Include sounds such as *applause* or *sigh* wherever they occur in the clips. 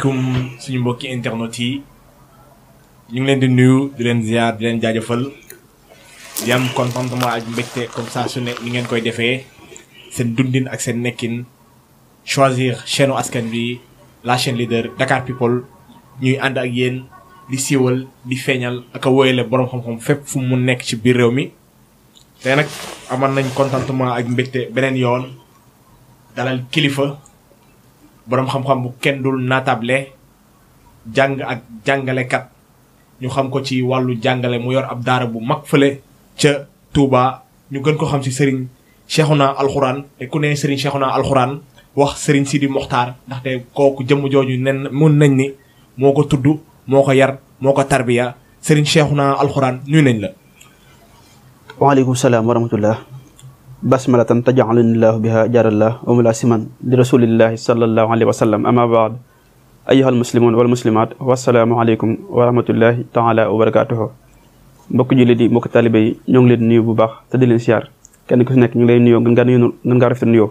asalaamaaleykum suñu mbokki internet yi ñu ngi leen di nuyu di leen ziar di leen jaajëfal di am contentement ak mbégte comme ça su ne ni ngeen koy defee seen dundin ak seen nekkin choisir chaîne askan bi la chaine leader Dakar People ñuy ànd ak yéen di siiwal di feeñal ak woyale borom xam-xam fépp fu mu nekk ci biir réew mi. te nag amoon nañ contentement ak mbégte beneen yoon dalal kilifa. boroom xam-xam bu kenn dul naatable jàng ak jàngalekat ñu xam ko ci wàllu jàngale mu yor ab daara bu mag fële ca Touba ñu gën ko xam ci Serigne naa Alxuraan te ku ne Serigne Cheikhouna Alxuraan wax Serigne Sidi Mokhtar ndaxte kooku jëmm jooju nen mun nañ ni moo ko tudd moo ko yar moo ko tarbiya Serigne naa Alxuraan nuyu nañ la. waaleykum salaam wa ta basmalatan tajalanillahu biha jarallah wa mulasiman li rasulillahi sallallahu alayhi wa sallam ama baad ayyuhal muslimun wal muslimat wasalaamu aleykum wa rahmatullahi taala wa barakatuhu mbokk jullit yi mbokk taalibé yi ñoo ngi leen nuyu bu baax te di siyaar kenn ku si nekk ñu ngi lay nuyoo gën ngaa nuyu gën ngaa rafet nuyoo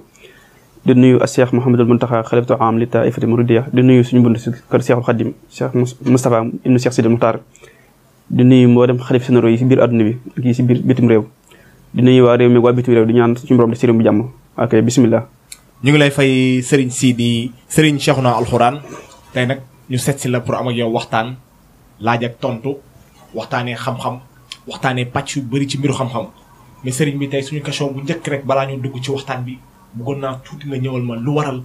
di nuyu ak cheikh Mouhamadul Muntaxa xalifatu am li taifati muridiya di nuyu suñu bunt si kër cheikhul xadim cheikh Moustapha ibnu cheikh Sidi Muxtaar di nuyu mboolem xalif généraux yi si biir adduna bi ak yi si biir bitim réew di nuyu waa réew mi waa bitim réew di ñaan suñu borom def si réew jàmm ok bisimilah. ñu ngi lay fay Serigne Sidi Serigne Cheikhouna Alxuraan tey nag ñu set si la pour am ak yow waxtaan laaj ak tontu waxtaanee xam-xam waxtaanee pàcc yu bëri ci mbiru xam-xam bi tey suñu question bu njëkk rek balaa ñu dugg ci waxtaan bi bëggoon naa tuuti nga ñëwal ma lu waral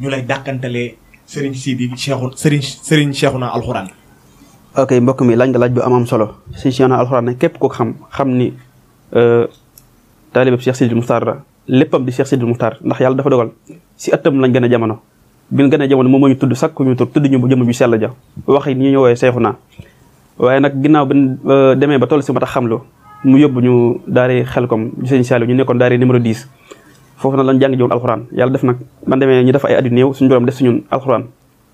ñu lay dàkkantalee Serigne Sidi Cheikhouna Serigne Serigne Cheikhouna Alxuraan. ok mbokk mi laaj nga laaj bu am am solo si Cheikhouna Alxuraan képp koo xam xam ni. Euh, taalibab Cheikh Sidil Muxtaar la léppam di Cheikh Sidil Muxtaar ndax yàlla dafa dogal si ëttam lañ gën a jamono bi gën a jamono moom moo ñu tudd sakku ñu tur tudd ñu jëm ju sell ja wax yi ni ñu woowee seexu naa waaye nag ginnaaw bi euh, demee ba toll si ma tax xamlu mu yóbbu ñu daari xelkom sëñ Saliou ñu nekkoon daari numéro 10 foofu na lañ jàng jowoon alxuraan yàlla def nag man demee ñu def ay at yu néew suñu borom def suñu alxuraan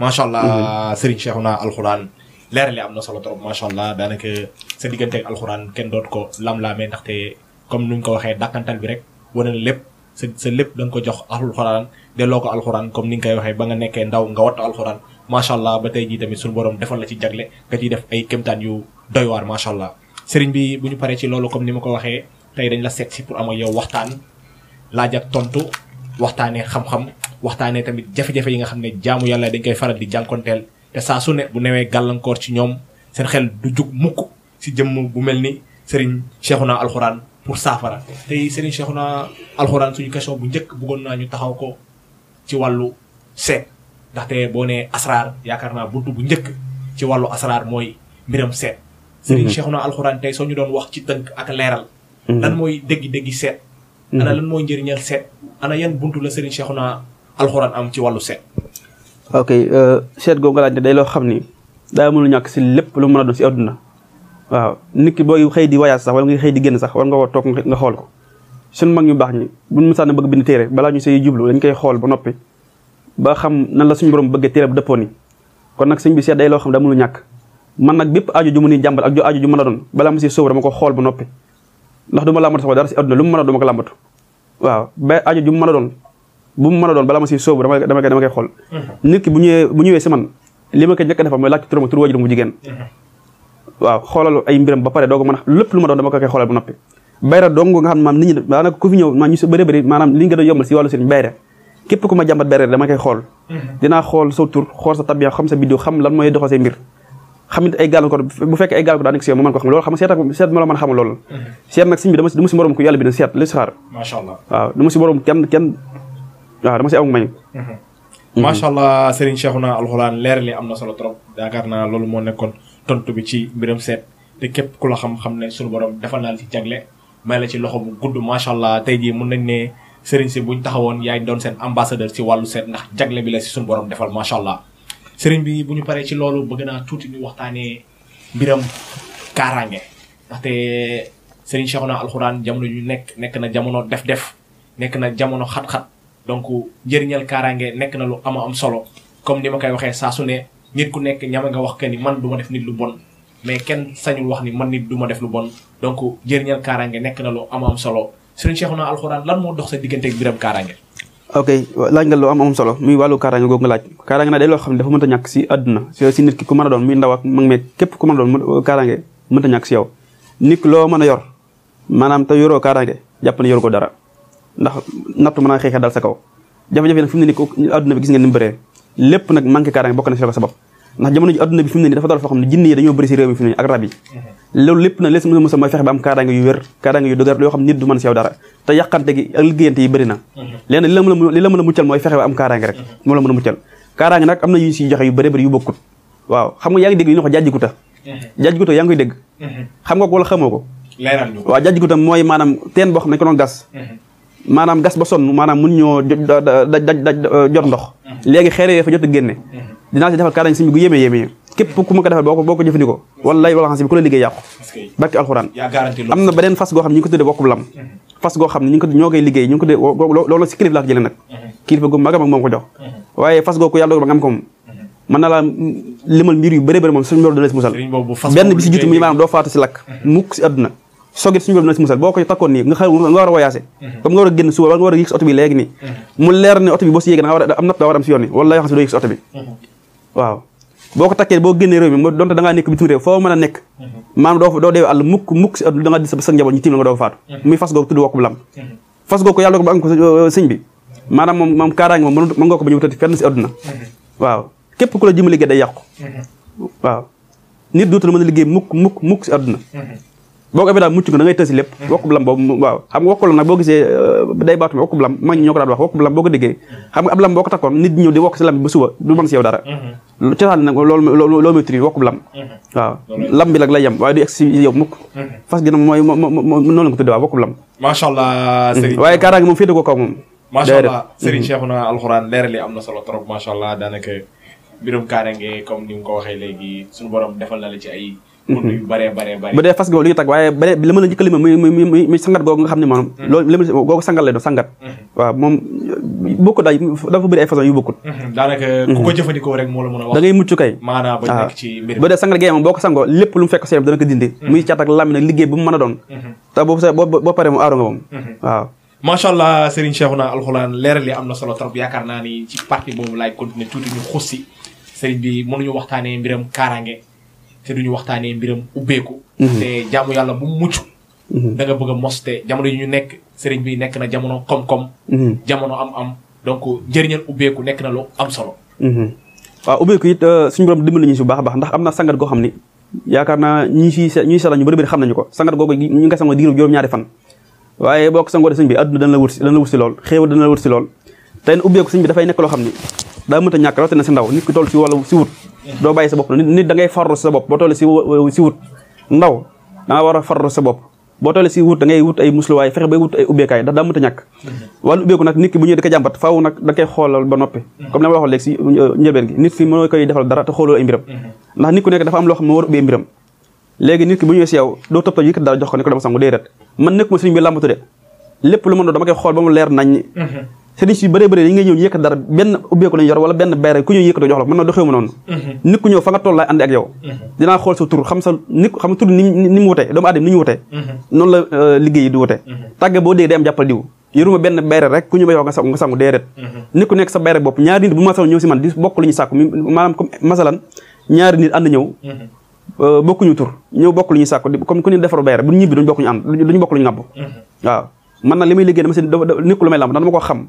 macha allah mhm. Serigne Cheikhouna alxuraan leer li am na solo trop macha allah daanaka sa diggante ak kenn doot ko lam-laamee ndaxte comme nuñ ko waxee dàkkantal bi rek wane na lépp sa sa lépp da ko jox delloo ko alxuraan comme ni nga koy waxee ba nga nekkee ndaw nga wattu alxuraan macha allah ba tey jii tamit suñu borom defal la ci jagle nga ay kéemtaan yu doy macha allah. Serigne bi bu ñu paree ci loolu comme ni ma ko waxee tey dañ la seet si pour am ak yow waxtaan laaj ak tontu waxtaanee xam-xam. waxtaanee tamit jafe-jafe yi nga xam ne jaamu yàlla dañ koy faral di jànkonteel te saa su ne bu newee gàllankoor ci ñoom seen xel du jug mukk si jëmm bu mel ni Serigne Cheikhouna Alxuraan pour saafara tey Serigne Cheikhouna Alxuraan suñu question bu njëkk bëggoon naa ñu taxaw ko ci wàllu seet ndaxte boo nee asraar yaakaar naa buntu bu njëkk ci wàllu asraar mooy mbiram seet. Mhm. Serigne Cheikhouna Alxuraan tey soo ñu doon wax ci tënk ak leeral. Mhm. lan mooy déggi déggi seet. Mhm. ana lan mooy njëriñal seet ana yan buntu la Serigne naa alxuraan am ci wàllu seet. ok euh, seet googu day loo xam ni daa mënul ñàkk si lépp lu mën a doon si adduna waaw nit ki booy xëy di voyage sax wala nga xëy di génn sax war nga war toog nga xool ko suñ mag ñu baax ñi buñ mësaan bëgg bind téere balaa ñu say jublu dañ koy xool ba noppi ba xam nan la suñu borom bëggee téere bu dëppoo nii kon nag sëñ bi seet day loo xam daa mënul ñàkk man nag bépp aajo ju mu ni ak ju aajo ju mën a doon balaa mu si sóobu dama ko xool ba noppi ndax du ma làmbatu sax dara si adduna lu mu mën a doon dama ko làmbatu waaw ba aajo ju a doon bu mu mën a doon bala ma si sóobu dama dama koy dama koy xool mm-hmm. nit ki bu ñëwee si man li ma koy njëkk a defal tur wajuram bu jigéen mm-hmm. waaw xoolal ay mbiram ba pare doo ko a lépp nga xam ne a yombal si mm-hmm. mbir xam it ay gàllankoor bu fekkee ay gàllankoor daa nekk si ma mën ko xam loolu xam ma la mën dama si dama si morom ko yàlla bi ne seet si xaar macha allah waaw si morom kenn waaw dama si mhm. macha allah Serigne Cheikhouna Alxuraan leer li am na solo trop yaakaar naa loolu moo nekkoon tontu bi ci mbiram seet te képp ku la xam-xam ne sunu borom defal naa la jagle may la ci loxo bu gudd macha allah tey jii mun nañ ne Serigne buñ taxawoon yaay doon seen ambassadeur si wàllu seet ndax jagle bi la si sunu borom defal macha allah Serigne bi bu ñu paree ci loolu bëgg naa tuuti ñu waxtaanee mbiram kaaraange ndaxte Serigne Cheikhouna Alxuraan jamono ju nekk nekk na jamono def-def nekk na jamono xat-xat. donc njëriñal kaaraange nekk na lu am am solo comme ni ma koy waxee saa su ne nit ku nekk ñama nga wax que ni man du ma def nit lu bon mais kenn sañul wax ni man nit du def lu bon donc njëriñal kaaraange nekk na lu am solo Serigne Cheikhouna Al Khourane lan moo dox sa diggante ak mbiram kaaraange. ok laaj nga lu am am wàllu kaaraange googu laaj kaaraange nag loo xam ne dafa mënta ñàkk si àdduna si ki ku mën a doon muy ndaw ak mag mais képp ku mën a doon kaaraange mënta ñàkk si yow nit loo mën a yor maanaam te yoroo kaaraange jàpp ne yoru ko dara ndax nattu mën xeexee dal sa kaw jafe-jafe nag fi ne nii adduna bi gis ngeen ni mu lépp nag manqué kaaraange bokk na si sabab ndax jamono ji adduna bi fi ne nii dafa mhm. a a dara te mhm. la mën a li la mën a muccal mooy fexe ba am kaaraange rek mhm. moo la mën a muccal kaaraange nag am na yu xam nga yaa ngi dégg yu ñu wax jajjikuta jajjikuta yaa ngi koy xam nga ko wala xamoo ko waaw jajjikuta mooy maanaam teen boo xam ne ko doon gas maanaam gas ba mun ñoo jot ndox léegi xeer yooyu fa jot génne dinaa si defal kaaraange sëñ bi gu yéeme yéeme képp ku ma ko defal boo ko boo ko ko tudde bokkub kilif laa ko nag kilifa gu a moom ko jox waaye fas googu yàlla dogal ba nga am na laa limal mbir yu bëri moom suñu borom dana musal benn bi si jutu muy maanaam doo faatu si lakk mm-hmm. mukk si àdduna sogit suñu borom si musal boo ko takkoon nii nga xaw nga war a voyagé mhm. comme nga war a génn suba nga war a yëg si oto mhm. a am natt daa war a mhm. waaw boo ko takkee boo génnee réew mi mo donte da ngaa nekk bitim réew foo mën a nekk maanaam doo doo deewe mukk si da nga dis sa njaboot euh, maanaam moom moom moom mën nga ko ba wutati fenn si adduna waaw képp ku la jëmale liggéey day yàqu waaw nit dootul mën a liggéey mukk mukk mukk si adduna boo ko amee da ngay tësi lépp mm-hmm. wokkub lam boobu waaw xam nga wokkub lam nag boo euh, wokkub lam ko daan wax wokkub lam boo ko déggee xam nga ab lam boo ko takkoon nit ñëw di wokk si lam bi ba suba du mën mm-hmm. wokkub lam mm-hmm. waaw lam bi nag lay waaye du egg si yow mukk noonu la ko tuddee waaw wokkub lam macha allah sëriñ waaye kaaraange moom féete ko kaw moom macha allah sëriñ Cheikhouna alxuraan leer li am na solo trop macha allah daanaka mbirum kaaraange comme ni nga ko waxee léegi sunu borom defal na la ci ay moom yu bëree bëree bëri bu dee fas googu li ñu la njëkk a limal muy muy mm-hmm. mm-hmm. mm-hmm. a wax gee ah. moom boo ko sangoo lépp lu mu fekk seen dana ko dindi muy caat ak nag liggéey bu mu mën a doon te boo paree mu aaro nga moom waaw macha allah Serigne Cheikhouna Alxuraan leeral li am na solo trop yaakaar naa ni ci partie boobu laay continuer tuuti ñu xus si Serigne bi mënuñu waxtaanee mbiram kaaraange te ñu waxtaanee mbiram ubbeeku. Mhm. te jaamu yàlla bu mucc. Mhm. da nga bëgg a mos te jamono yi ñu nekk sëriñ bi nekk na jamono koom-koom. Mhm. jamono am-am donc njëriñal ubbeeku nekk na lu am solo. waaw ubbeeku it euh, suñu borom dimbali a baax ndax sangat goo xam ni yaakaar naa ñi si ñi si ñu bëri bëri xam nañu ko sangat googu ñu nga sangoo diiru juróom-ñaari fan. waaye boo ko sangoo de sëñ bi dana la wut si lool xéewal dana la wut si lool te ubbeeku sëñ dafay nekk loo xam ni daa mënta ñàkk rawatina si ndaw nit ki toll si doo bàyyi sa bopp nit da ngay farlu sa bopp boo tollee si si wut ndaw a sa bopp boo tollee si wut da ngay wut ay musluwaay fexe bay wut ay ubbeekaay ndax daa mënta ñàkk wàllu ubbeeku nag nit ki bu ñëwee di ko jàmbat faaw nag da koy xoolal ba noppi comme la ma waxoon léegi uh, nit ki moo koy defal ku nekk dafa am a ubbee doo topp yëkkat dara jox ko ne ko dama sangu déedéet man nekk ma sëriñ bi làmbatu de lépp lu ma doon dama koy xool ba mu leer nañ sëriñ si bëree bëri dañ ngay ñëw ñu yëkkat dara benn ubbeeku lañu yor wala benn bayre ku ñëw yëkkatoo jox la mën na doxewu ma noonu mhm. nit ku ñëw fa nga toll laay ànd ak yow mhm. dinaa xool sa tur xam sa nit xam tur ni ni mu wute doomu aadama ni ñu wute mhm. noonu la euh, liggéey yi di wute tàgge boo dégg day am jàppal diw yëruma benn bayre rek ku ñu may wax nga sa nga sangu déedéet nit ku nekk sa bayre bopp ñaari nit bu masalan ñëw si man di bokk lu ñu sàkku maanaam comme masalan ñaari nit ànd ñëw euh, bokkuñu tur ñëw bokk lu ñu sàkku comme ku ñu defaru bayre bu ñibbi duñu bokk ñu ànd duñu bokk lu ñu ngàbb waaw man nag li may liggéey dama seen nekk lu may lamb dama ko xam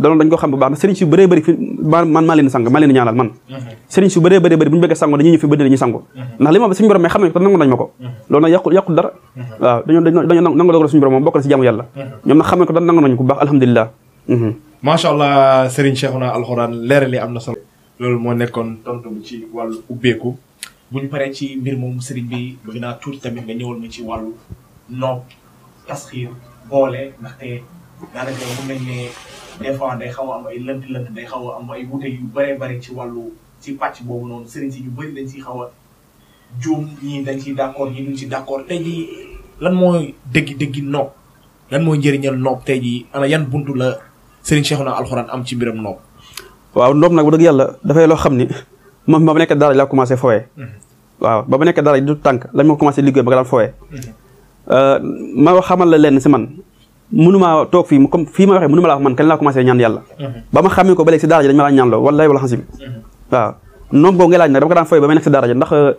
daloon dañ ko xam bu baax na sëriñ si bëree bëri fi man maa leen sang maa leen ñaanal man mm-hmm. sëriñ si bëree bëri bëri bu ñu bëggee sango dañuy ñëw fi bëri dañuy sango mm-hmm. ndax li ma suñu borom may xam nañ ko te nangu nañ ma ko mm-hmm. loolu nag yàqul yàqul dara waaw dañoo dañoo nangu dogal suñu borom moom bokk na si jaamu yàlla ñoom nag xam nañ ko te nangu nañ ko bu baax alhamdulilah macha allah sëriñ Cheikhouna Al Khourane leeral yi am na solo loolu moo nekkoon tontu bi ci wàllu ubbeeku bu ñu paree ci mbir moomu sëriñ bi bëgg naa tuuti tamit nga ñëwal ma ci wàllu nopp tasxiir boole ndaxte daanaka mun nañ ne des fois day xaw a am ay lënt lënt day xaw a am ay wute yu bëree bëri ci wàllu ci pàcc boobu noonu sëriñ si yu bëri dañ ciy xaw a juum ñii dañ ciy d' accord ñii duñ ci d' accord tey jii lan mooy dëgg dëggi nopp lan mooy njëriñal nopp tey jii ana yan buntu la sëriñ Cheikhouna alxuraan am ci mbiram nopp. waaw nopp nag bu dëgg yàlla dafay loo xam ni man ba ma nekk daara laa commencé fowee. Mm-hmm. waaw ba ma nekk daara du tànk lañ ma commencé liggéey ba nga daan fowee. Mm-hmm. Euh, ma xamal la lenn si man. mënumaa toog fii comme fii ma waxee mënuma laa wax man kañ laa commencé ñaan yàlla mhm. ba ma xamee ko ba léegi si daara ji dañ ma daan ñaan loo mhm. ndax euh,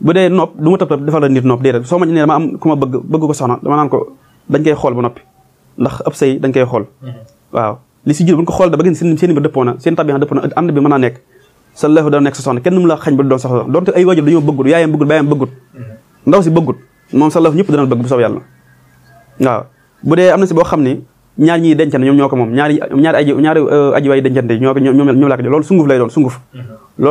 bu dee ma tëb tëb defal la nit nopp déedéet soo ma bëgg bëgg ko soxna dama ko dañ koy xool ba noppi ndax ëpp sëy dañ koy xool mhm. waaw li si xool da ba gis seen seen mbir dëppoo na seen tabi dëppoo na ànd nekk dana nekk sa soxna kenn mu la ba doon sax doonte ay wajur dañoo bëggut yaayam bëggut moom sa lëf ñëpp dana bëgg bu soob yàlla waaw bu dee am na si boo xam ni ñaari ñaari aji ñoom ñoom laa ko loolu sunguf lay doon sunguf mm-hmm.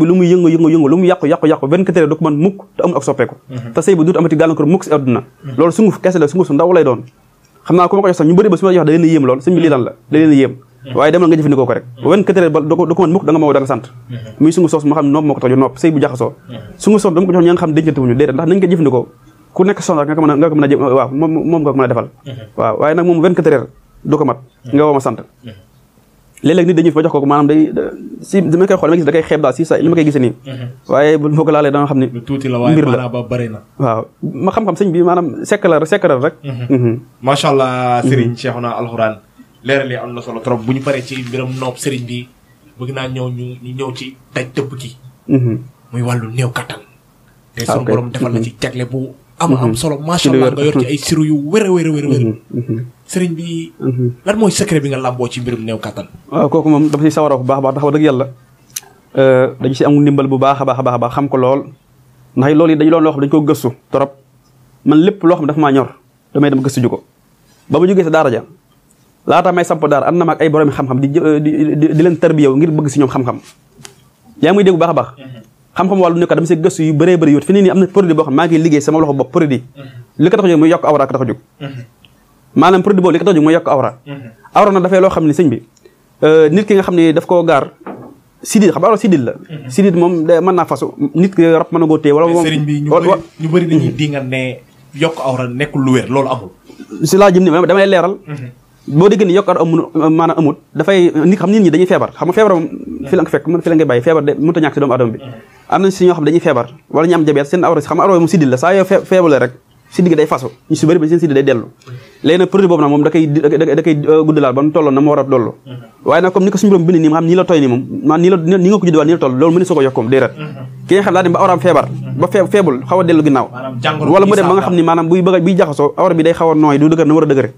loolu mu yàqu yàqu yàqu vingt-quatre heures du mm-hmm. mukk si àdduna mm-hmm. loolu sunguf kese la sunguf su ndaw lay doon xam naa ku ma ko jox sax ñu bëri ba su ma jox da leen yéem lool sëñ lii lan la da leen yéem *laughs* waaye demal nga jëfandikoo ko rek wen mm. quatre heures ba ko mën mukk da nga ma woo da nga sant mm-hmm. muy sungu soos ma xam ne nopp moo ko tax jo nopp sëy bu jaxasoo mm-hmm. sungu soos ko jox ña nga xam dencante wuñu déedéet a nga ko a jë waaw moom moom nga ko mën a defal mm-hmm. waaw waaye nag moom vingt-quatre heures du nga woo sant léeg-léeg nit dañuy fi ba jox ko maanaam day si dama koy xool dama gis da koy xeeb daal si sa li ma koy gisee nii waaye bu ma ko laalee danga xam ne mbir la na waaw ma xam-xam sëñ bi maanaam sekk la rek leerali am na solo trop bu ñu paree ci mbiram noob sëriñ bi bëgg naa ñëw ñu ñu ñëw ci daj tëpp gi. Mhm. muy wàllu néew kattan. Ah, te sunu borom defal na mhm. ci jagle bu. am xam mhm. solo macha allah nga yor ci ay siru yu wér a wér a wér bi. mooy secret bi nga làmboo ci mbirum néew kattan. waaw ah, kooku moom dafa si sawar bu baax a baax dëgg yàlla euh, dañu si amul ndimbal bu baax a baax a baax xam ko lool ndax loolu yi dañu doon loo xam dañu gëstu trop man lépp loo xam dafa maa ñor damay dem gëstu ju ko ba ma jógee sa daara ja laata may samp daar am na mag ay borom xam-xam di di leen tarbiya ngir bëgg si ñoom xam-xam yaa muy dégg bu baax a baax mm-hmm. xam-xam wàllu nekk dama si yu bëree bëri yoot ne nii am na produit boo xam maa ngi liggéey sama loxo bopp produit mm-hmm. li a jóg muy a a jóg mm-hmm. loo xam ne sëñ bi euh, nit ki nga xam ne daf koo gaar sidid xam awra sidid la sidid moom mën naa fasu nit ki rab mën na koo téye wala sëriñ bi ñu bëri yokk awra nekkul lu wér loolu amul si laa jëm ni damay leeral boo déggee ni yokk a amul maanaam dafay nit ñi dañuy feebar xam nga feebar fi la fekk fi la bàyyi feebar de a mm-hmm. moom siddi mm-hmm. euh, na mu war a dollu mm-hmm. waaye nag comme ni ko suñu bind nii nga nii la toy nii moom nii la ni nga ko judd waa ko yokk moom déedéet ki nga xam dem ba awraam feebar ba feebul xaw a dellu ginnaaw wala mu dem ba nga xam ni maanaam buy bëgg buy jaxasoo awra bi day xaw a nooy du dëgër na war a dëgëre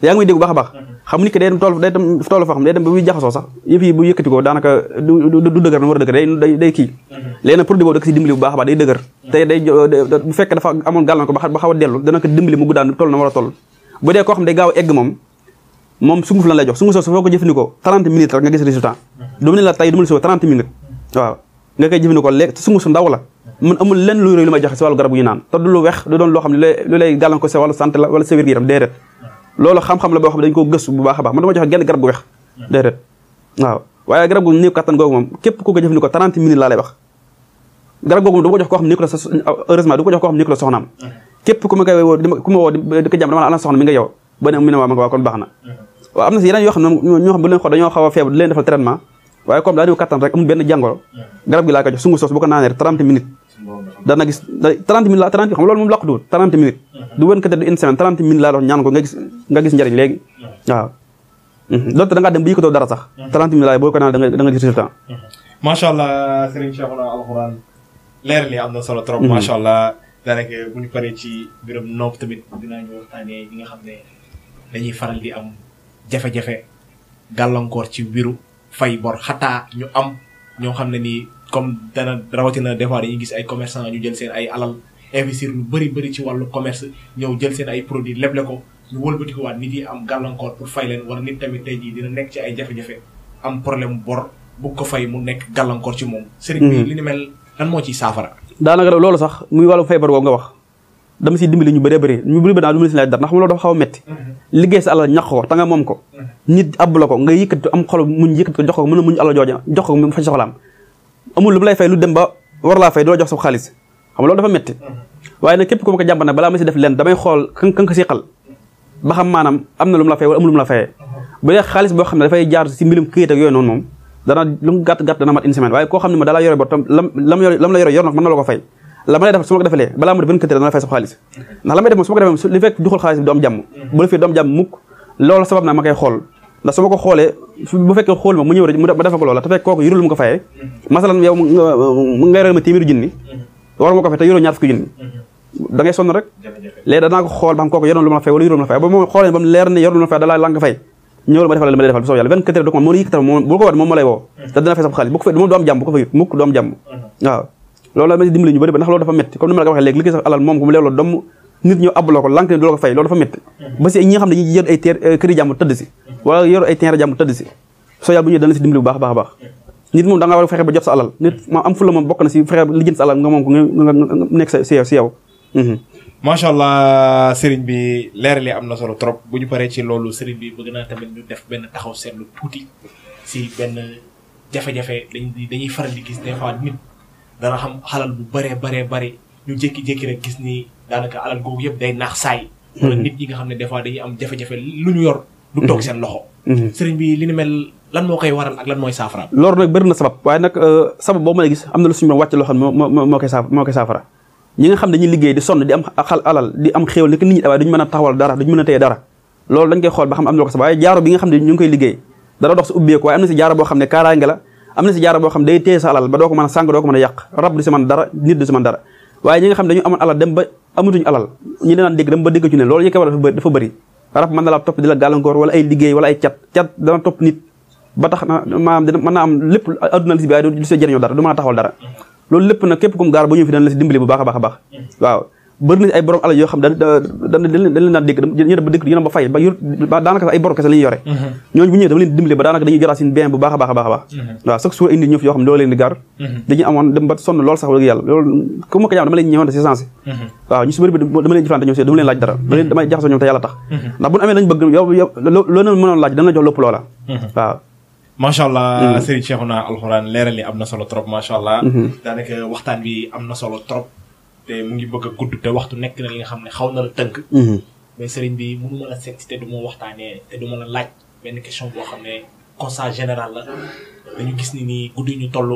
yaa ngi may dégg baax a baax mhm. xam ni que day dem tool day dem tool foo ko daanaka a dëgër day mhm. a baax day mhm. a dellu dana ko dimbali a toll bu dee koo xam day gaaw minutes rek nga gis résultat du mu ne la tey du mu ne suba 30 minutes waaw nga koy jëfandikoo léegi sunguf su la mun amul lu may joxe garab yu naan te du lu weex du doon loo xam ne lu lay gàllankoor si wàllu santé la wala sa wér-gi-yaram déedéet loolu xam-xam la boo xam ne dañ ko gëstu bu baax a baax man dama joxe genn garab gu weex déedéet waaw waaye garab gu néew kattan googu moom ku ko jëfandikoo 30 ko soxnaam képp ku ma woo di ko jàmm dama la ana soxna mi nga yow ba ne mu ne waa ma nga waa kon baax na waaw am na si yeneen yoo xam ne xam bu leen xool dañoo xaw a feebar di leen defal traitement waaye comme daa néew kattan rek amul benn jàngoro garab gi laa ko sungu soos bu ko naanee 30 dana gis trente minutes la trente xam loolu moom laq duwul trente minutes ko te du une semaine trente minutes nga gis nga gis njëriñ léegi waaw mhm. loolu da ngaa dem ba yëkkatoo dara sax trente minutes laay boo ko naan da nga gis résultat macha allah Serigne Cheikhouna leer li am na solo trop mhm. macha allah daanaka bu ñu paree ci mbirum nopp tamit dinaa ñu nga xam ne dañuy faral di am jafe-jafe gàllankoor ci mbiru fay bor xataa ñu am ñoo xam ne nii comme dana rawatina des fois yi gis ay commerçant ñu jël seen ay alal investir lu bëri bëri ci wàllu commerce ñëw jël seen ay produits leble ko ñu wëlbatikuwaat nit yi am gàllankoor pour fay leen wala nit tamit tey jii dina nekk ci ay jafe-jafe am problème bor bu ko fay mu nekk gàllankoor ci moom. sëriñ bi hmm. li ni mel lan moo ciy saafara. daanaka loolu sax muy wàllu feebar boobu nga wax dama siy dimbali ñu bëree bari ñu bëri ba daal du ma si laaj dara ndax loolu dafa xaw a métti. Hmm. liggéey sa alal ñax ko ta nga moom ko. Hmm. nit àbb la ko nga yëkkati am xol a muñ alal jooja jox ko mu faj soxlaam amul lu mu lay fay lu dem ba war laa fay du la jox sa xaalis xam loolu dafa métti mm-hmm. waaye nag képp ku ma ko jàmb nag balaa ma si def lenn damay xool kan kan ko xam na lu mu la la fayee mm-hmm. bu dee xaalis boo xam ne dafay si mbirum këyit ak yooyu noonu ma dala yore la yore yor nag mën na la ko fay la ma lay def su ma ko defalee balaa ma def vingt-quatre heures dana la fay sa xaalis mm-hmm. ndax la may def moom su ma defee li fekk duxul xaalis sabab na ma koy xool ndax su ma ko xoolee bu fekkee xool ma mu ñëw rek mu dafa ko loola te fekk kooku yurul mu ko fayee masalan yow nga réeral ma téeméeri junni war ma ko fay te yuroo ñaar ko la fay wala yurul ma la fay ba moom xoolee ba mu leer ne yoroon lu ma la lay defal bu soobee yàlla vingt-quatre heures bu ko wat moom hmm. du am jàmm bu ko fay du am jàmm hmm. waaw loolu la ma dimbali ñu bëri ba ndax loolu dafa metti comme ni ma la ko waxee léegi li koy sax alal moom mu leer la domm nit ñu abbaloo ko lank ne du ko fay loolu dafa métti mm-hmm. ba si ñi xam ne dañuy yor ay teer euh, këri jàmm tëdd si wala yor ay teer jàmm tëdd si bu ñëwee dana si baax baax baax nit moom a fexe ba jot sa alal nit mm-hmm. ma am fula na si fexe lijjanti sa alal si yow si yow mm-hmm. macha bi leer am na solo trop bu ñu paree ci loolu sëriñ bi bëgg naa tamit ñu def benn taxaw seetlu si benn jafe-jafe dañuy dañuy faral di gis des fa nit dana xam xalal bu bëree baree bëri ñu jékki-jékki rek gis nii daanaka alal googu yëpp day naax saay. Mhm. wala nit ñi nga xam ne des fois dañuy am jafe-jafe lu ñu yor. du toog mhm. seen loxo. Mhm. sëriñ bi li ni mel lan moo koy waral ak lan mooy saafara. loolu nekk a taxawal dara duñu a téye dara ba xam na sabab waaye jaaro bi nga xam ne ñu ngi koy liggéey dara dox si ubbeeku waaye am na si jaaro boo xam ne kaaraange la am na si jaaro boo xam day téye sa alal ba doo ko mën a sàng doo ko mën a yàq rab du si dara nit du si dara waaye ñi nga xam ne dañu amoon alal dem amatuñu alal ñi daan dégg dama ba dégg ci ne loolu yi ko war dafa dafa bëri rab mën na laa topp di la gàllankoor wala ay liggéey wala ay cat cat dana topp nit ba tax na naa am lépp adduna li si bi ay du sa jëriñoo dara du mën a taxawal dara loolu lépp nag képp kum gaar ba ñëw fi dana la si dimbali bu baax a baax a baax waaw bëri nañ ay borom alal yoo xam la ñuy yore mhm. a a a baax mhm. mhm. dem ba sonn lool sax jox lépp loola waaw macha allah Serigne Cheikhouna Alxuraan leeral li am na solo trop macha allah daanaka waxtaan bi am na solo trop te mu ngi bëgg a gudd te waxtu nekk na li nga xam ne xaw na la tënk. Mhm. mais sëriñ bi mënu ma la seet te du ma waxtaanee te du ma la laaj benn question boo xam ne constat général la dañu gis ni nii guddi ñu toll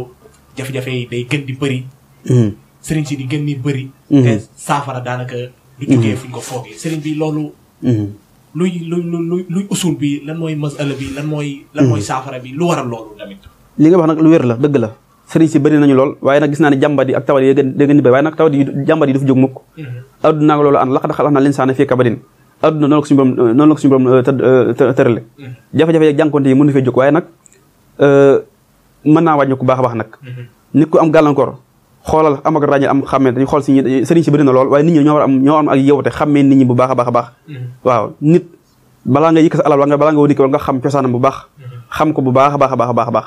jafe-jafe yi day gën di bëri. Mhm. sëriñ si di gën di bëri. Mhm. te saafara daanaka. du jógee fu ñu ko foogee sëriñ bi loolu. luy luy luy luy usul bi lan mooy masala bi lan mooy. lan mooy saafara bi lu waral loolu tamit. li nga wax nag lu wér la dëgg la. sëriñ si bëri nañu lool waaye nag gis naa ne jàmbat yi ak tawat yi dégg ni bay waaye nag tawat yi jàmbat yi dafa jóg mukk adduna nga loolu an laqad xalaqna l'insaana fii kabadin la ko suñu borom noonu la ko suñu borom euh, euh, tërale jafe-jafe yeeg jànkonte yi mën na fee jóg waaye nag euh, mën naa wàññi ko baax a baax nag nit ku am gàllankoor xoolal am a ràññe am xàmmee xool si sëriñ si bëri na lool waaye nit ñi ñoo war am ñoo am ak yewte xàmmee nit ñi bu baax a a baax waaw nit balaa nga yëkk sa alal bu baax xam ko bu baax a baax a baax a baax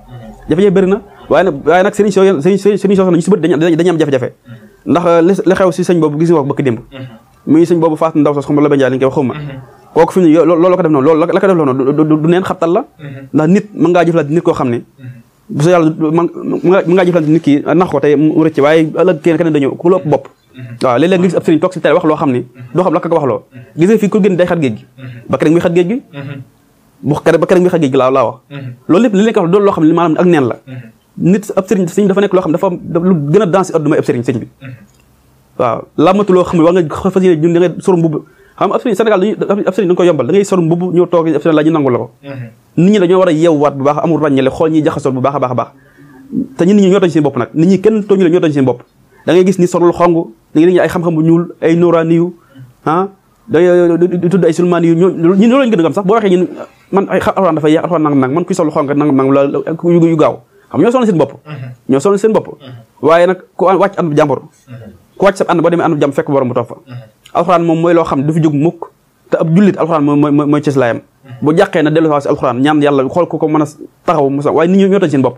jafe-jafe bëri na waaye nag waaye nag sëriñ soo sëriñ soo ñu si bëri dañu am jafe-jafe ndax euh, li xew si sëñ boobu gis nga ko bëkk démb mhm. ba njaay li ñu koy wax xuma mhm. kooku fi mu ne loolu la ko la ko def noonu du neen xabtal la mhm. ndax ku gën day xat géej gi bakk muy xat géej gi bu kare ba kare nga xagee gilaaw laa wax mhm. loolu lépp li nekk doon loo xam ne maanaam ak neen la mhm. nit ab sëriñ sëñ dafa nekk loo xam dafa lu gën a danse ordre mooy ab sëriñ sëñ bi mhm. waaw laamatu loo xam ne war nga fas yéene ñun da ngay sor mbubb xam ab sëriñ Sénégal dañuy ab sëriñ da nga koy yombal da ngay sor mbubb ñëw toog nit ñi dañoo war a yeewwaat bu baax amul a baax a baax te ñun nit ñi ñoo nit ñi ay xam-xam ñuul ay nooraaniyu ah, day tudd ay sulmaan yu ñoo ñun loolu lañ gën a gëm sax boo waxee ñun man ay alxuraan dafa yeex alxuraan nang nang man kuy sol xonk nang nang la yu gaaw xam ñoo sonal seen bopp mm-hmm. ñoo sonal seen bopp mm-hmm. waaye nag ku wàcc ànd mm-hmm. bu jàmbor mooy loo xam du fi jóg mukk jullit alxuraan mooy mooy ci laayam na delluwaat si alxuraan ñaan yàlla xool ko ko a taxaw mosa waaye nit ñi bopp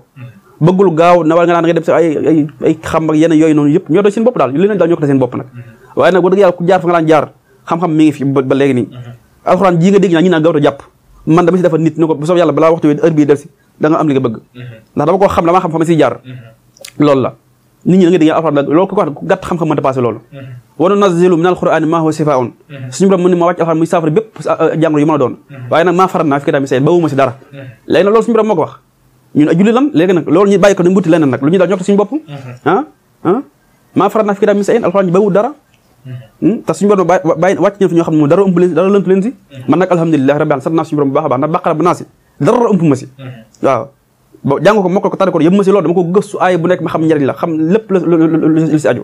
waaye nag bu dëgg yàlla ku jaar fa nga daan jaar xam-xam mi ngi fi ba léegi nii mhm. alxuraan jii nga dégg naa ñu gaaw a jàpp man dama si dafa nit ni ko bu yàlla balaa waxtu wi heure am li bëgg mhm. ndax dama ko xam dama xam fa ma si jaar mhm. loolu la nit alxuraan a ma wàcc alxuraan muy saafara bépp euh, jàngoro yu a ba wuma si dara léegi nag loolu ko wax ñun a julli nag loolu ñu daal ñokk suñu bopp ah ah naa fi kitaab mi seen alxuraan ba wu dara Hmm? te suñu borom bàyyi wàcc ñen fi ñoo xam ne moom dara ëmp si dara lënt leen si hmm. man nag alhamdulilah rabbi sant naa suñu borom bu baax a baax ndax baqara bu naa dara ëmp ma si hmm. waaw ba jàng ko mokkal ko tari ko yëpp ma si loolu dama ko gëstu aay bu nekk ma xam njëriñ la xam lépp lu si aju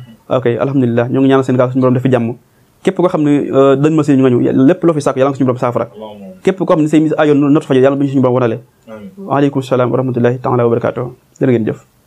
ok alhamdulilah ñoo ngi ñaanal Sénégal suñu borom def fi jàmm képp koo xam ne euh, dañ ma seen ngañu lépp loo fi sàkk yàlla nga suñu borom saafara képp koo xam ne say mis ayoon not fajo yàlla bu ñu suñu borom wanale waaleykum salaam wa rahmatullahi taala wa barakatuh jërë ngeen jëf